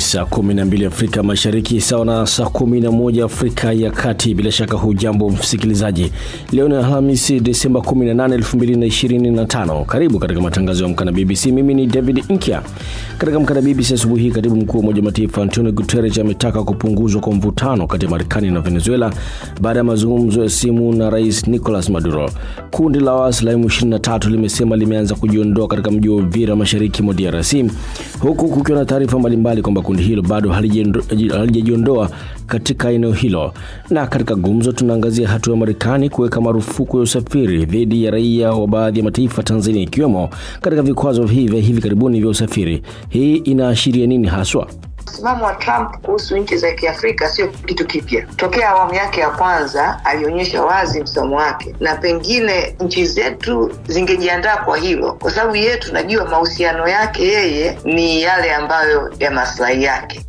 saa 12 Afrika Mashariki, sawa na saa 11 Afrika ya Kati. Bila shaka hujambo msikilizaji, leo ni Alhamisi Desemba 18, 2025. Karibu katika matangazo ya Mkana BBC. Mimi ni David Nkya. Katika Mkana BBC asubuhi hii, katibu mkuu wa Umoja Mataifa Antonio Guterres ametaka kupunguzwa kwa mvutano kati ya Marekani na Venezuela baada ya mazungumzo ya simu na Rais Nicolas Maduro. Kundi la Waislamu 23 limesema limeanza kujiondoa katika mji wa Uvira mashariki mwa DRC huku kukiwa na taarifa mbalimbali kwamba kundi hilo bado halijajiondoa katika eneo hilo. Na katika gumzo, tunaangazia hatua ya Marekani kuweka marufuku ya usafiri dhidi ya raia wa baadhi ya mataifa, Tanzania ikiwemo, katika vikwazo hivi vya hivi karibuni vya usafiri. Hii inaashiria nini haswa? Msimamo wa Trump kuhusu nchi za Kiafrika sio kitu kipya. Tokea awamu yake ya kwanza alionyesha wazi msimamo wake, na pengine nchi zetu zingejiandaa kwa hilo, kwa sababu yeye tunajua mahusiano yake yeye ni yale ambayo ya maslahi yake.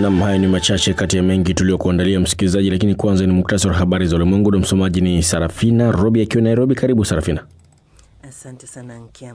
Nam, hayo ni machache kati ya mengi tuliyokuandalia msikilizaji, lakini kwanza ni muktasari wa habari za ulimwengu na msomaji ni Sarafina Robi akiwa Nairobi. Karibu Sarafina. Asante sana Nkia.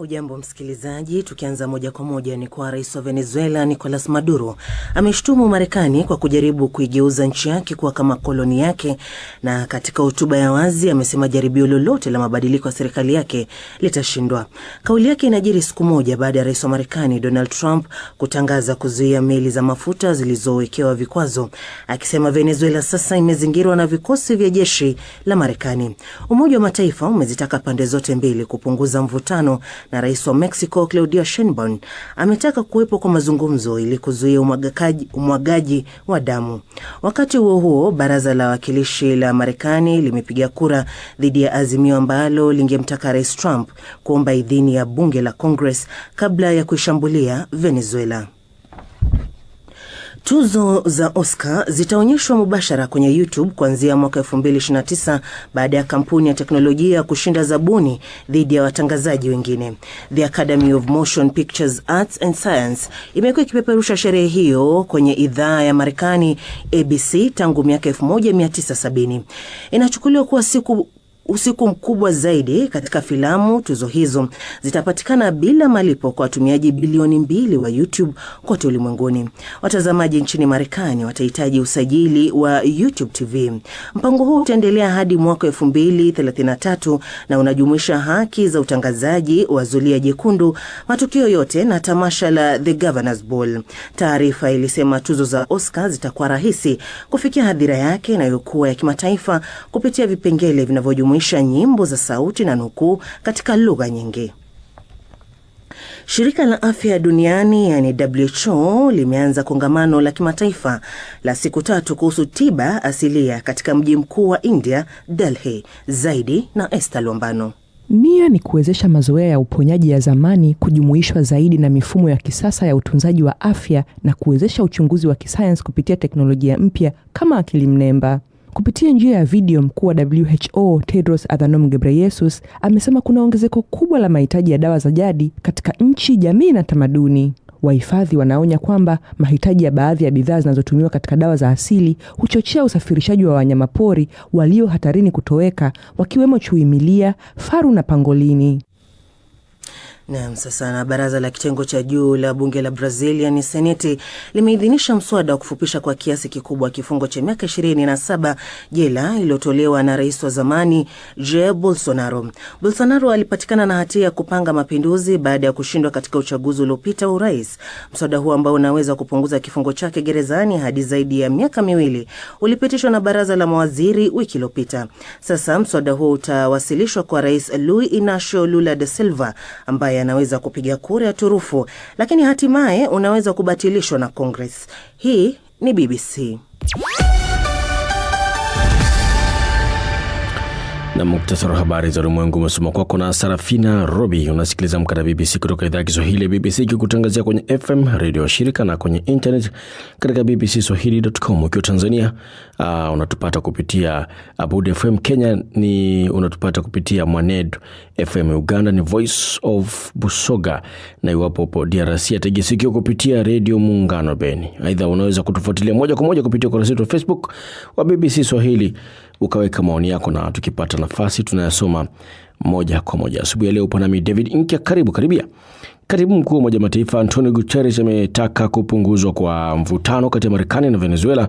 Ujambo msikilizaji, tukianza moja kwa moja ni kwa rais wa Venezuela Nicolas Maduro ameshtumu Marekani kwa kujaribu kuigeuza nchi yake kuwa kama koloni yake, na katika hotuba ya wazi amesema jaribio lolote la mabadiliko ya serikali yake litashindwa. Kauli yake inajiri siku moja baada ya rais wa Marekani Donald Trump kutangaza kuzuia meli za mafuta zilizowekewa vikwazo, akisema Venezuela sasa imezingirwa na vikosi vya jeshi la Marekani. Umoja wa Mataifa umezitaka pande zote mbili kupunguza mvutano na rais wa Mexico Claudia Sheinbaum ametaka kuwepo kwa mazungumzo ili kuzuia umwagaji, umwagaji wa damu. Wakati huo huo, baraza la wawakilishi la Marekani limepiga kura dhidi ya azimio ambalo lingemtaka rais Trump kuomba idhini ya bunge la Congress kabla ya kuishambulia Venezuela. Tuzo za Oscar zitaonyeshwa mubashara kwenye YouTube kuanzia mwaka 2029 baada ya kampuni ya teknolojia kushinda zabuni dhidi ya watangazaji wengine. The Academy of Motion Pictures Arts and Science imekuwa ikipeperusha sherehe hiyo kwenye idhaa ya Marekani ABC tangu miaka 1970. Inachukuliwa kuwa siku usiku mkubwa zaidi katika filamu. Tuzo hizo zitapatikana bila malipo kwa watumiaji bilioni mbili wa YouTube kote ulimwenguni. Watazamaji nchini Marekani watahitaji usajili wa YouTube TV. Mpango huu utaendelea hadi mwaka 2033 na unajumuisha haki za utangazaji wa Zulia Jekundu, matukio yote na tamasha la The Governors Ball. Taarifa ilisema tuzo za Oscar zitakuwa rahisi kufikia hadhira yake inayokuwa ya kimataifa kupitia vipengele vinavyojumuisha kujumuisha nyimbo za sauti na nukuu katika lugha nyingi. Shirika la Afya Duniani yani WHO limeanza kongamano la kimataifa la siku tatu kuhusu tiba asilia katika mji mkuu wa India, Delhi. Zaidi na Esther Lombano. Nia ni kuwezesha mazoea ya uponyaji ya zamani kujumuishwa zaidi na mifumo ya kisasa ya utunzaji wa afya na kuwezesha uchunguzi wa kisayansi kupitia teknolojia mpya kama akili mnemba. Kupitia njia ya video, mkuu wa WHO Tedros Adhanom Ghebreyesus amesema kuna ongezeko kubwa la mahitaji ya dawa za jadi katika nchi, jamii na tamaduni. Wahifadhi wanaonya kwamba mahitaji ya baadhi ya bidhaa zinazotumiwa katika dawa za asili huchochea usafirishaji wa wanyamapori walio hatarini kutoweka, wakiwemo chui milia, faru na pangolini. Naam, sasa na baraza la kitengo cha juu la bunge la Brazil yani seneti limeidhinisha mswada wa kufupisha kwa kiasi kikubwa kifungo cha miaka saba jela iliyotolewa na rais wa zamani Jair Bolsonaro. Bolsonaro alipatikana na hatia ya kupanga mapinduzi baada ya kushindwa katika uchaguzi uliopita wa urais. Mswada huo ambao unaweza kupunguza kifungo chake gerezani hadi zaidi ya miaka miwili ulipitishwa na baraza la mawaziri wiki iliyopita. Sasa mswada huo utawasilishwa kwa rais Luiz Inacio Lula da Silva ambaye yanaweza kupiga kura ya turufu, lakini hatimaye unaweza kubatilishwa na Congress. Hii ni BBC. na muktasari wa habari za ulimwengu umesoma kwako na Sarafina Robi. Unasikiliza mkanda BBC kutoka idhaa ya Kiswahili ya BBC ikikutangazia kwenye FM redio shirika na kwenye internet katika BBC Swahili.com. Ukiwa Tanzania uh, unatupata kupitia Abud FM. Kenya ni unatupata kupitia Mwaned FM. Uganda ni Voice of Busoga, na iwapo upo DRC atajisikio kupitia redio Muungano Beni. Aidha, unaweza kutufuatilia moja kwa moja kupitia ukurasa wetu wa Facebook wa BBC Swahili ukaweka maoni yako, na tukipata nafasi tunayasoma moja kwa moja. Asubuhi ya leo upo nami David Nkya, karibu karibia Katibu mkuu wa Umoja wa Mataifa Antonio Guterres ametaka kupunguzwa kwa mvutano kati ya Marekani na Venezuela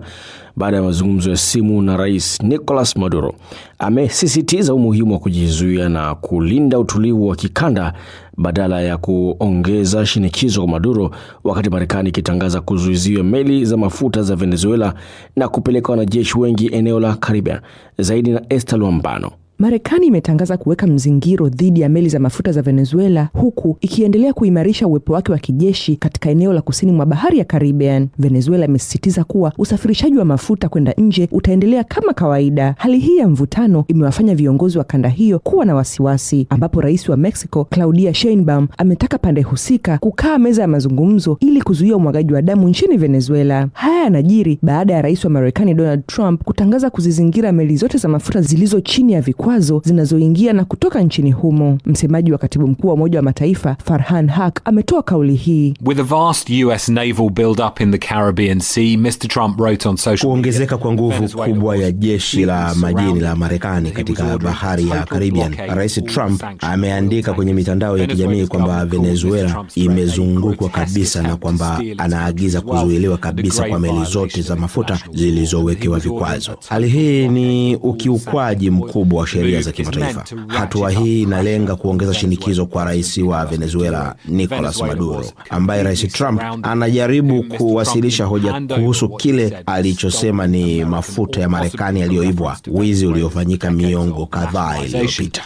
baada ya mazungumzo ya simu na Rais Nicolas Maduro. Amesisitiza umuhimu wa kujizuia na kulinda utulivu wa kikanda badala ya kuongeza shinikizo kwa Maduro, wakati Marekani ikitangaza kuzuiziwa meli za mafuta za Venezuela na kupeleka wanajeshi wengi eneo la Caribbean. Zaidi na Esther Luambano. Marekani imetangaza kuweka mzingiro dhidi ya meli za mafuta za Venezuela huku ikiendelea kuimarisha uwepo wake wa kijeshi katika eneo la kusini mwa bahari ya Caribbean. Venezuela imesisitiza kuwa usafirishaji wa mafuta kwenda nje utaendelea kama kawaida. Hali hii ya mvutano imewafanya viongozi wa kanda hiyo kuwa na wasiwasi, ambapo rais wa Mexico Claudia Sheinbaum ametaka pande husika kukaa meza ya mazungumzo ili kuzuia umwagaji wa damu nchini Venezuela. Haya yanajiri baada ya rais wa Marekani Donald Trump kutangaza kuzizingira meli zote za mafuta zilizo chini ya vikwazo mawazo zinazoingia na kutoka nchini humo. Msemaji wa katibu mkuu wa Umoja wa Mataifa Farhan Haq ametoa kauli hii. With a vast US naval build up in the Caribbean Sea, Mr Trump wrote on social kuongezeka kwa nguvu kubwa ya jeshi la majini la Marekani katika bahari ya Caribbean, Rais Trump ameandika kwenye mitandao ya kijamii kwamba Venezuela imezungukwa kabisa na kwamba anaagiza kuzuiliwa kabisa kwa meli zote za mafuta zilizowekewa vikwazo. Hali hii ni ukiukwaji mkubwa wa sheria za kimataifa. Hatua hii inalenga kuongeza shinikizo kwa rais wa Venezuela Nicolas Maduro, ambaye Rais Trump anajaribu kuwasilisha hoja kuhusu kile alichosema ni mafuta ya Marekani yaliyoibwa, wizi uliofanyika miongo kadhaa iliyopita.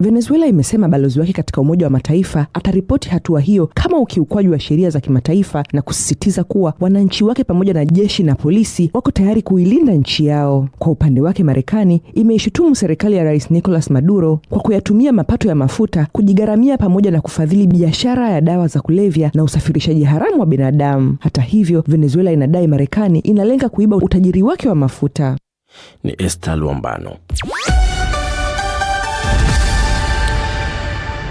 Venezuela imesema balozi wake katika Umoja wa Mataifa ataripoti hatua hiyo kama ukiukwaji wa sheria za kimataifa na kusisitiza kuwa wananchi wake pamoja na jeshi na polisi wako tayari kuilinda nchi yao. Kwa upande wake Marekani ime imeishutumu serikali ya Rais Nicolas Maduro kwa kuyatumia mapato ya mafuta kujigharamia pamoja na kufadhili biashara ya dawa za kulevya na usafirishaji haramu wa binadamu. Hata hivyo, Venezuela inadai Marekani inalenga kuiba utajiri wake wa mafuta. Ni Esther Luambano.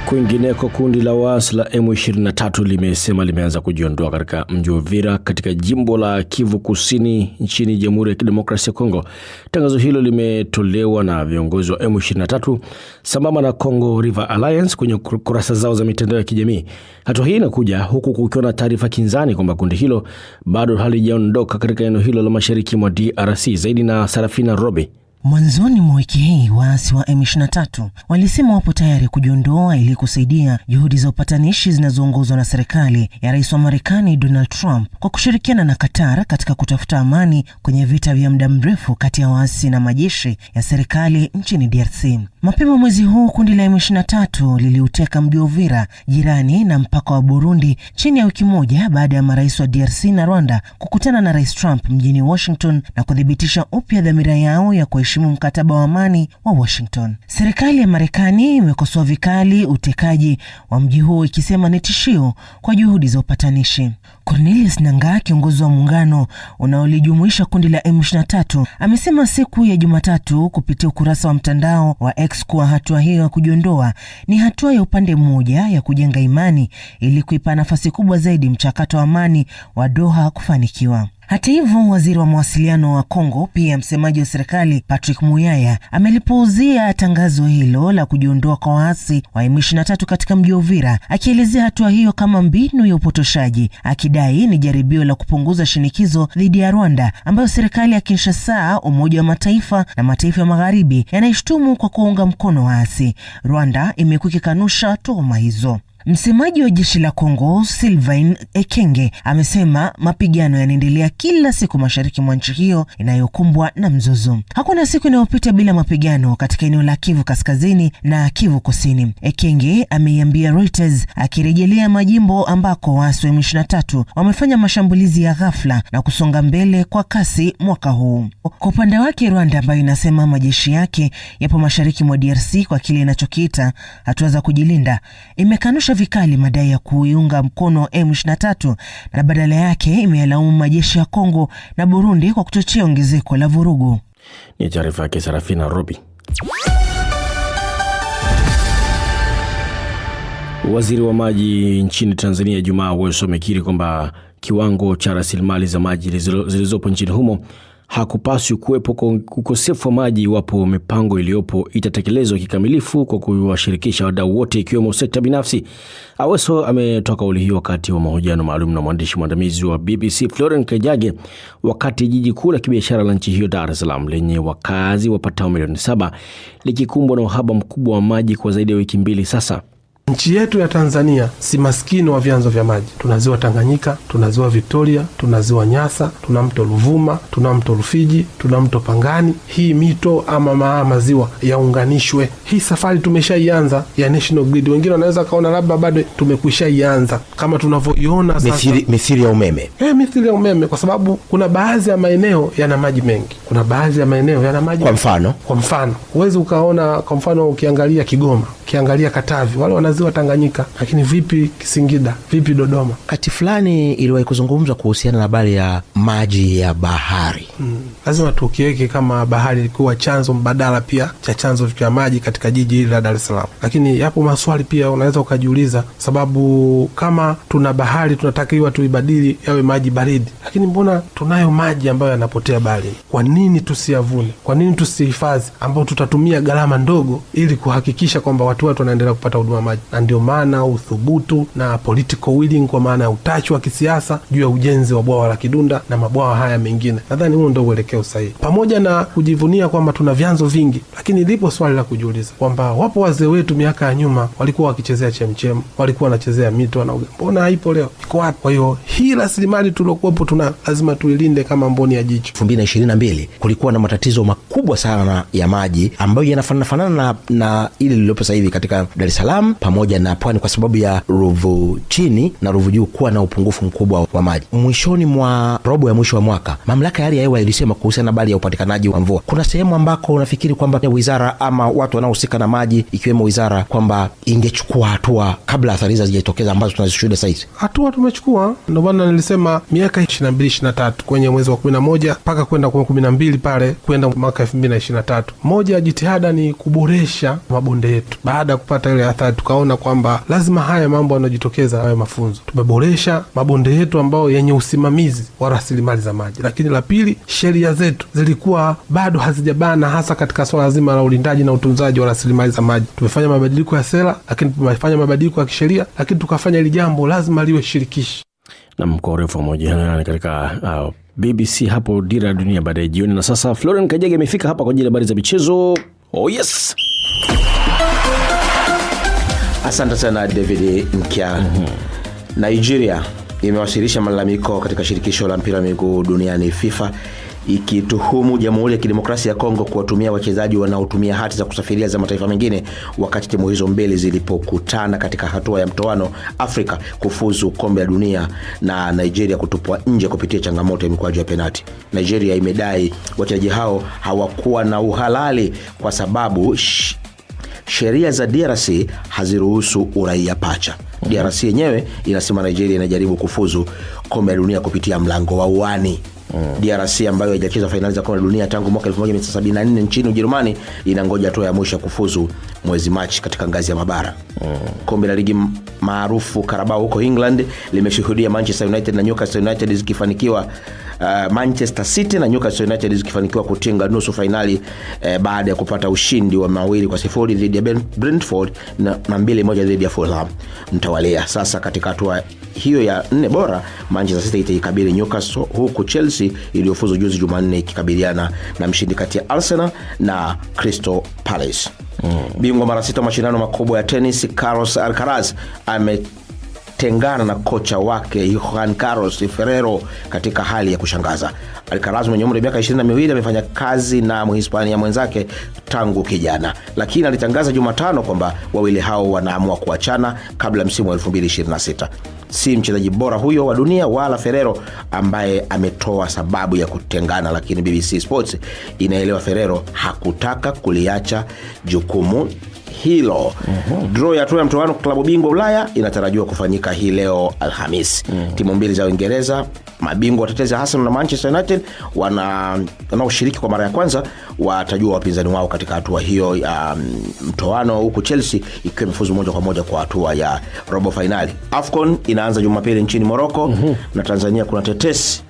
Kwingineko, kundi la waasi la M23 limesema limeanza kujiondoa katika mji wa Uvira katika jimbo la Kivu Kusini nchini Jamhuri ya Kidemokrasia ya Kongo. Tangazo hilo limetolewa na viongozi wa M23 sambamba na Congo River Alliance kwenye kurasa zao za mitandao ya kijamii. Hatua hii inakuja huku kukiwa na taarifa kinzani kwamba kundi hilo bado halijaondoka katika eneo hilo la mashariki mwa DRC. Zaidi na Sarafina Robi. Mwanzoni mwa wiki hii waasi wa M23 walisema wapo tayari kujiondoa ili kusaidia juhudi za upatanishi zinazoongozwa na serikali ya rais wa Marekani Donald Trump kwa kushirikiana na Qatar katika kutafuta amani kwenye vita vya muda mrefu kati ya waasi na majeshi ya serikali nchini DRC. Mapema mwezi huu kundi la M23 liliuteka mji wa Uvira jirani na mpaka wa Burundi chini ya wiki moja baada ya marais wa DRC na Rwanda kukutana na Rais Trump mjini Washington na kuthibitisha upya dhamira yao ya kwa kuheshimu mkataba wa amani wa Washington. Serikali ya Marekani imekosoa vikali utekaji wa mji huo ikisema ni tishio kwa juhudi za upatanishi. Cornelius Nangaa, kiongozi wa muungano unaolijumuisha kundi la M23, amesema siku ya Jumatatu kupitia ukurasa wa mtandao wa X kuwa hatua hiyo ya kujiondoa ni hatua ya upande mmoja ya kujenga imani ili kuipa nafasi kubwa zaidi mchakato wa amani wa Doha kufanikiwa. Hata hivyo, waziri wa mawasiliano wa Kongo pia msemaji wa serikali Patrick Muyaya amelipuuzia tangazo hilo la kujiondoa kwa waasi wa M23 katika mji wa Uvira, akielezea hatua hiyo kama mbinu ya upotoshaji, akidai ni jaribio la kupunguza shinikizo dhidi ya Rwanda ambayo serikali ya Kinshasa, Umoja wa Mataifa na mataifa ya Magharibi yanaishtumu kwa kuunga mkono waasi. Rwanda imekuwa ikikanusha tuhuma hizo. Msemaji wa jeshi la Kongo Sylvain Ekenge amesema mapigano yanaendelea kila siku mashariki mwa nchi hiyo inayokumbwa na mzozo. Hakuna siku inayopita bila mapigano katika eneo la Kivu Kaskazini na Kivu Kusini. Ekenge ameiambia Reuters akirejelea majimbo ambako waasi wa M23 wamefanya mashambulizi ya ghafla na kusonga mbele kwa kasi mwaka huu. Kwa upande wake, Rwanda ambayo inasema majeshi yake yapo mashariki mwa DRC kwa kile inachokiita hatua za kujilinda imekanusha vikali madai ya kuiunga mkono M23 na badala yake imeyalaumu majeshi ya Kongo na Burundi kwa kuchochea ongezeko la vurugu. Ni taarifa yake Sarafina Robi. Waziri wa maji nchini Tanzania jumaa Aweso amekiri kwamba kiwango cha rasilimali za maji zilizopo nchini humo hakupaswi kuwepo kwa ukosefu wa maji iwapo mipango iliyopo itatekelezwa kikamilifu kwa kuwashirikisha wadau wote ikiwemo sekta binafsi. Aweso ametoa kauli hiyo wakati wa mahojiano maalum na mwandishi mwandamizi wa BBC Florent Kajage wakati jiji kuu la kibiashara la nchi hiyo Dar es Salaam lenye wakazi wapatao milioni saba likikumbwa na uhaba mkubwa wa maji kwa zaidi ya wiki mbili sasa. Nchi yetu ya Tanzania si maskini wa vyanzo vya maji. Tuna ziwa Tanganyika, tuna ziwa Victoria, tuna ziwa Nyasa, tuna mto Ruvuma, tuna mto Rufiji, tuna mto Pangani. Hii mito ama maa maziwa yaunganishwe. Hii safari tumeshaianza ya national grid. Wengine wanaweza kaona labda bado tumekwishaianza, kama tunavyoiona mithili, mithili ya umeme e, mithili ya umeme, kwa sababu kuna baadhi ya maeneo yana maji mengi, kuna baadhi ya maeneo yana maji kwa mfano, kwa mfano huwezi ukaona, kwa mfano ukiangalia Kigoma, ukiangalia Katavi, wale wana ziwa Tanganyika, lakini vipi Singida, vipi Dodoma? Wakati fulani iliwahi kuzungumzwa kuhusiana na habari ya maji ya bahari mm. Lazima tukiweke kama bahari ilikuwa chanzo mbadala pia cha chanzo vya maji katika jiji hili la Dar es Salaam, lakini yapo maswali pia unaweza ukajiuliza, sababu kama tuna bahari tunatakiwa tuibadili yawe maji baridi, lakini mbona tunayo maji ambayo yanapotea baharini? Kwa nini tusiyavune? Kwa nini tusihifadhi, ambayo tutatumia gharama ndogo ili kuhakikisha kwamba watu wetu wanaendelea kupata huduma maji? na ndio maana uthubutu na political willing, kwa maana ya utachi wa kisiasa juu ya ujenzi wa bwawa la Kidunda na mabwawa haya mengine. Nadhani huo ndio uelekeo sahihi, pamoja na kujivunia kwamba tuna vyanzo vingi, lakini lipo swali la kujiuliza kwamba wapo wazee wetu miaka ya nyuma walikuwa wakichezea chemchem, walikuwa wanachezea mito na uga, mbona haipo leo, iko wapi? Kwa hiyo hii rasilimali tuliokuwepo tuna lazima tuilinde kama mboni ya jicho. 2022 kulikuwa na matatizo makubwa sana ya maji ambayo yanafanana na, na ile lililopo sasa hivi katika Dar es Salaam pamoja pamoja na pwani kwa sababu ya Ruvu chini na Ruvu juu kuwa na upungufu mkubwa wa maji. Mwishoni mwa robo ya mwisho wa mwaka, mamlaka ya hali ya hewa ilisema kuhusiana na habari ya upatikanaji wa mvua. Kuna sehemu ambako unafikiri kwamba wizara ama watu wanaohusika na maji ikiwemo wizara kwamba ingechukua hatua kabla athari hizo hazijatokeza ambazo tunazishuhudia sasa hizi. Hatua tumechukua, ndio maana nilisema miaka 22 23 kwenye mwezi wa 11 mpaka kwenda kwa 12 pale kwenda mwaka 2023. Moja ya jitihada ni kuboresha mabonde yetu baada ya kupata ile athari tuka tunaona kwamba lazima haya mambo yanayojitokeza, hayo mafunzo, tumeboresha mabonde yetu ambayo yenye usimamizi wa rasilimali za maji. Lakini la pili, sheria zetu zilikuwa bado hazijabana, hasa katika swala zima la ulindaji na utunzaji wa rasilimali za maji. Tumefanya mabadiliko ya sera, lakini tumefanya mabadiliko ya kisheria, lakini tukafanya hili jambo lazima liwe shirikishi. Nam, kwa urefu wa mahojiano katika uh, BBC hapo Dira ya Dunia baadaye jioni. Na sasa Florian Kajege amefika hapa kwa ajili ya habari za michezo. Oh yes Asante sana David Mkya. mm -hmm. Nigeria imewasilisha malalamiko katika shirikisho la mpira wa miguu duniani FIFA ikituhumu Jamhuri ya Kidemokrasia ya Kongo kuwatumia wachezaji wanaotumia hati za kusafiria za mataifa mengine, wakati timu hizo mbili zilipokutana katika hatua ya mtoano Afrika kufuzu kombe la dunia na Nigeria kutupwa nje kupitia changamoto ya mikwaju ya penati. Nigeria imedai wachezaji hao hawakuwa na uhalali kwa sababu sh sheria za DRC haziruhusu uraia pacha. mm -hmm. DRC yenyewe inasema Nigeria inajaribu kufuzu kombe la dunia kupitia mlango wa uani. Mm. DRC ambayo haijacheza fainali za kombe la dunia tangu mwaka 1974 nchini Ujerumani inangoja hatua ya mwisho ya kufuzu mwezi Machi katika ngazi ya mabara. Mm. Kombe la ligi maarufu Carabao huko England limeshuhudia Manchester United na Newcastle United zikifanikiwa uh, Manchester City na Newcastle United zikifanikiwa kutinga nusu fainali uh, eh, baada ya kupata ushindi wa mawili kwa sifuri dhidi ya Brentford na, na mbili moja dhidi ya Fulham mtawalia. Sasa katika hatua hiyo ya nne bora Manchester City itaikabili Newcastle, huku Chelsea iliyofuzu juzi Jumanne ikikabiliana na mshindi kati ya Arsenal na Crystal Palace. Mm. Bingwa mara sita mashindano makubwa ya tenis Carlos Alcaraz ame kutengana na kocha wake Juan Carlos Ferrero katika hali ya kushangaza. Alcaraz mwenye umri wa miaka 22 amefanya kazi na Mhispania mwenzake tangu kijana, lakini alitangaza Jumatano kwamba wawili hao wanaamua kuachana kabla msimu wa 2026. Si mchezaji bora huyo wa dunia wala Ferrero ambaye ametoa sababu ya kutengana, lakini BBC Sports inaelewa Ferrero hakutaka kuliacha jukumu hilo. mm Draw ya hatua ya mtoano klabu bingwa Ulaya inatarajiwa kufanyika hii leo Alhamisi. Mm-hmm. Timu mbili za Uingereza mabingwa watetezi hasan na Manchester United wana kwa mara ya kwanza watajua wapinzani wao katika hatua hiyo ya um, mtoano, huku Chelsea ikiwa imefuzu moja kwa moja kwa hatua ya robo fainali. AFCON inaanza Jumapili nchini moroco Mm-hmm. na Tanzania kuna tetesi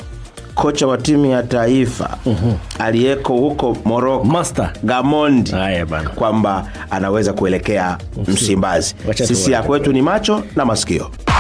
kocha wa timu ya taifa mhm. aliyeko huko Moroko Master Gamondi kwamba anaweza kuelekea Msimbazi. Sisi ya kwetu ni macho na masikio.